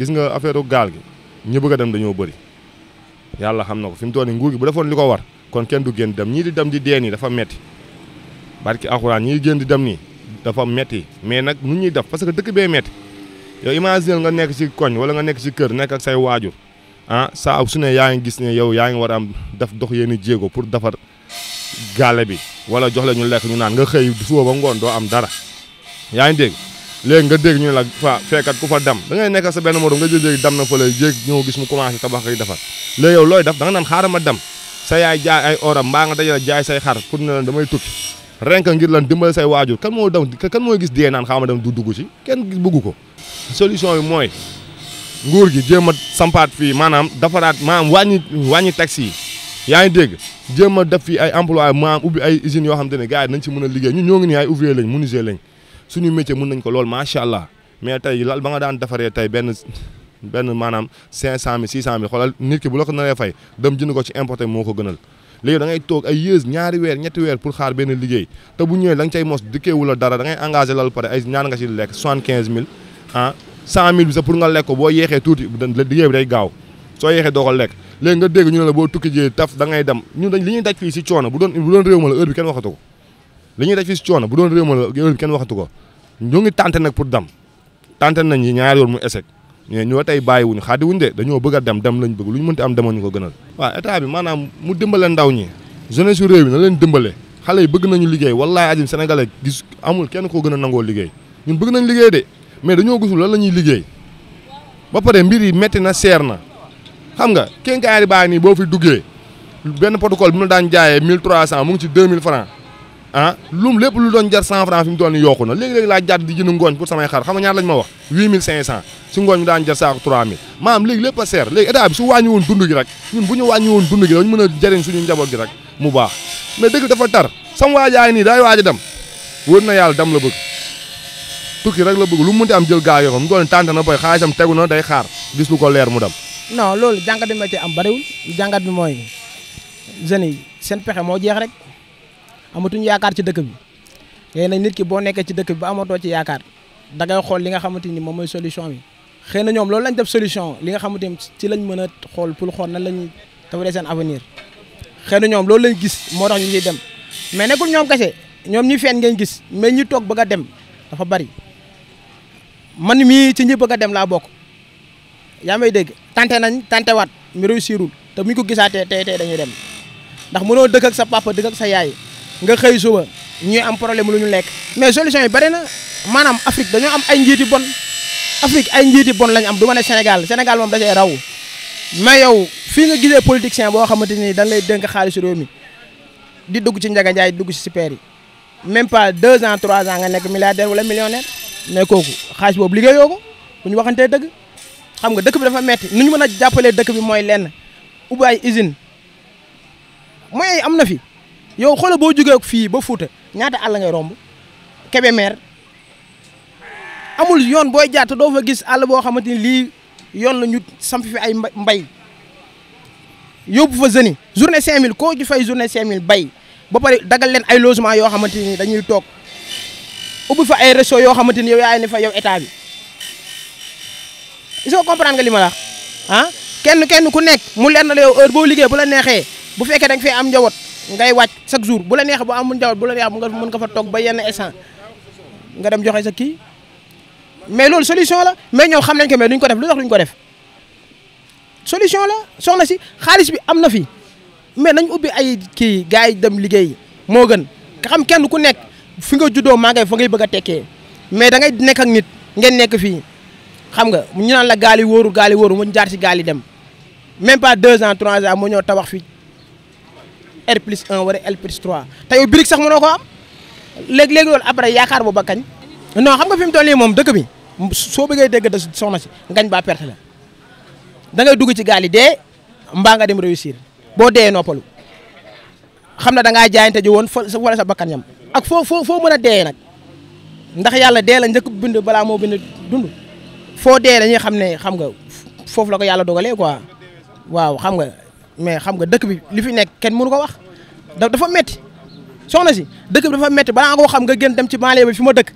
gis nga affaire gaal gi ñu bëgg a dem dañoo bëri yàlla xam na ko fi mu toll nii nguur gi bu defoon li ko war kon kenn du génn dem ñii di dem di dee nii dafa metti barki alxuraan ñii génn di dem nii dafa metti mais nag nu ñuy def parce que dëkk bee metti yow imagine nga nekk si koñ wala nga nekk ci kër nekk ak say waajur ah saa su ne yaa ngi gis ne yow yaa ngi war a am daf dox yenn jéego pour dafar gaale bi wala jox la ñu lekk ñu naan nga xëy suba ba ngoon doo am dara yaa ngi dégg léegi nga dégg ñu ne la fa fekkat ku fa dem da ngay nekk sa benn morom nga jéeg dem na fa lay jéeg ñëw gis mu commencé tabax yi defar léegi looy def da nga naan xaaral dem sa yaay jaay ay oram mbaa nga dajale jaay say xar pour ne damay tukki renk ngir lan dimbali say waajur kan moo dem kan mooy gis dee naan xaama dem du dugg ci kenn bëggu ko solution yi mooy nguur gi jéem a sampaat fii maanaam defaraat maanaam wàññi wàññi taxi yi yaa ngi dégg jéem a def fi ay emploi maam ubbi ay usines yoo xam te ne gars yi nañ ci mën a liggéey ñun ñoo ngi nii ay ouvrier lañ menuisier lañ suñu métier mën nañ ko lool macha allah mais tey lal ba nga daan defaree tey benn benn maanaam cinq cent mille six cent mille xoolal nit ki bu la ko naree fay dem jënd ko ci importé moo ko gënal léegi da ngay toog ay yées ñaari weer ñetti weer pour xaar benn liggéey te bu ñëwee da nga cay mos dikkeewu la ngay engagé lal pare ay ñaan nga ci lekk soixante quinze mil ah cent mille bi sax pour nga lekk ko boo yeexee tuuti liggéey bi day gaaw soo ko lekk léegi nga dégg ñu ne la boo tukki jee taf da ngay dem ñun dañ li ñuy daj fii si coono bu doon bu doon réew ma la heure bi kenn waxatu ko li ñuy fii si coono bu doon réew ma la heure bi kenn waxatu ko ñoo ngi tenté nag pour dem tenté nañ ñi ñaari yoon mu échec mais ñoo tey bàyyiwuñu xaadi wuñ de dañoo bëgg a dem dem lañ bëgg lu ñu mënti am demoon ñu ko gënal waaw état bi maanaam mu dimbale ndaw ñi jeunesse su réew bi na leen dimbale xale yi bëgg nañu liggéey wallaay ajim sénégalais gis amul kenn koo gën a nangoo liggéey ñun bëgg nañ liggéey de mais dañoo gisul lan la liggéey ba pare mbir yi metti na seer na xam nga kénkaari baa nii boo fi duggee benn protocole bi mu daan jaay mille trois cent mu ngi ci deux mille francs ah lum lépp lu doon jar cent francs fi mu toll nii yokku na léegi-léegi laa jàdd di jënd ngooñ pour samay xar xam ñaar lañ ma wax huit mille cinq cent si ngooñ mi daan jar saako trois mille maanaam léegi lépp a seer léegi état bi su wàññi woon dund gi rek ñun bu ñu wàññi a jëriñ suñu mu baax mais dëgg dafa tar sam waajaay nii daay waaja a dem wër na yàlla dem la bëgg tukki rek la bëgg lu mu am jël gaa yoo xam mu na boy xaalisam tegu na day xaar gis ko leer mu dem non loolu jàngat bi ci am bariwul jàngat bi mooy jeunes yi seen pexe moo jeex rek amatuñu yaakaar ci dëkk bi léegi nag nit ki boo nekkee ci dëkk bi ba amatoo ci yaakaar da ngay xool li nga xamante ni moom mooy solution bi xëy na ñoom loolu lañ def solution li nga xamante ni ci lañ mën a xool pour xool na la ñuy defaree seen avenir xëy na ñoom loolu lañ gis moo tax ñu ciy dem mais nekkul ñoom kase ñoom ñi feen ngeen gis mais ñi toog bëgg a dem dafa bari man mii ci ñi bëgg a dem laa bokk. yaa may dégg tante nañ tante waat mi réussirul te muñ ko gisaatee tey tey dañuy dem ndax mënoo dëkk ak sa papa dëkk ak sa yaay nga xëy suba ñuy am problème lu ñu lekk mais solution yi bari na maanaam Afrique dañoo am ay njiiti bon Afrique ay njiiti bon lañ am du ma ne Sénégal Sénégal moom dafay raw mais yow fii nga gisee politicien boo xamante ni dañ lay dénk xaalisu réew mi di dugg ci Ndiaga Ndiaye dugg ci super yi même pas deux ans trois ans nga nekk milliardaire wala millionnaire mais kooku xaalis boobu xam nga dëkk bi dafa metti nu ñu mën a jàppalee dëkk bi mooy lenn ubbi ay usine moyens yi am na fi yow xoolal boo jógee fii ba Fuuta ñaata àll ngay romb Kébémer amul yoon booy jaata doo fa gis àll boo xamante ni lii yoon la ñu samp fi ay mbay yóbbu fa jeunes yi journée 5000 koo ci fay journée 5000 bay ba pare dagal leen ay logement yoo xamante ni dañuy toog ubbi fa ay réseau yoo xamante ni yow yaay ne fa yow état bi. il faut comprendre nga li ma ah kenn kenn ku nekk mu leer na la yow heure boo liggéey bu la neexee bu fekkee da nga fee am njaboot ngay wàcc chaque jour bu la neexee boo amul njaboot bu la neexee mën nga fa toog ba yenn instant nga dem joxe sa kii mais loolu solution la mais ñoom xam nañ ko mais duñ ko def lu tax duñ ko def solution la soxna si xaalis bi am na fi mais nañ ubbi ay kii gars yi dem liggéey moo gën xam kenn ku nekk fi nga juddoo maa ngay fa ngay bëgg a tekkee mais da ngay nekk ak nit ngeen nekk fii. xam nga mu ñu naan la gaal yi wóoru gaal yi wóoru mu jaar si gaal dem même pas deux ans trois ans mu ñoo tabax fii R plus 1 wala R plus 3 te yow brique sax mënoo ko am léeg-léeg loolu après yaakaar boo bakkañ noo xam nga fi mu toll nii moom dëkk bi soo bëggee dégg da soxna si ngañ baa perte la da ngay dugg ci gaal yi dee mbaa nga dem réussir boo dee noppalu xam na da ngaa jaayante ji woon fa wala sa bakkan ak foo foo foo mën a dee nag ndax yàlla dee la njëkk bind balaa moo bind dund. foo dee dañuy xam ne xam nga foofu la ko yàlla dogalee ko waaw xam nga mais xam nga dëkk bi li fi nekk kenn mënu ko wax dafa metti soxna si dëkk bi dafa metti balaa nga ko xam nga gën dem ci banlieue bi ma dëkk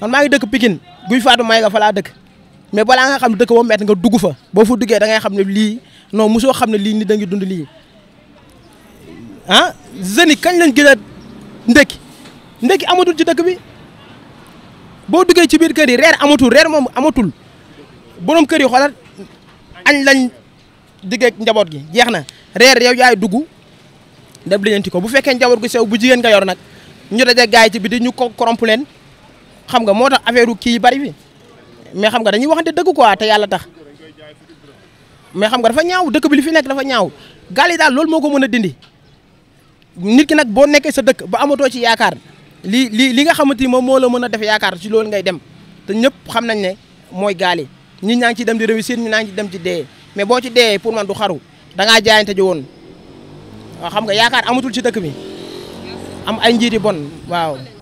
man maa ngi dëkk Pikine guy faatu may nga fa laa dëkk mais balaa nga xam ne dëkk boo metti nga dugg fa boo fa duggee da xam ne lii noo mosoo xam ne lii ni da ngi dund lii ah jeunes yi kañ lañ gën a ndekki ndekki amatul ci dëkk bi boo duggee ci biir kër yi reer amatul reer moom amatul borom kër yi xoolal añ lañ diggeeg njaboot gi jeex na reer yow yaay dugg dem lijjanti ko bu fekkee njaboot gu sew bu jigéen nga yor nag ñu daje gaay ci bi di ñu ko koromp leen xam nga moo tax affaire kii bari bi mais xam nga dañuy waxante dëgg quoi te yàlla tax mais xam nga dafa ñaaw dëkk bi li fi nekk dafa ñaaw gaal yi daal loolu moo ko mën a dindi nit ki nag boo nekkee sa dëkk ba amatoo ci yaakaar li li li nga xamante ni moom moo la mën a def yaakaar si loolu ngay dem te ñëpp xam nañ ne mooy gaal yi ñi ñaa ngi ci dem di réussir ñu naa ngi ci dem ci dee mais boo ci dee pour man du xaru da ngaa jaayante ji woon waaw xam nga yaakaar amatul ci dëkk bi am ay njiiti bon waaw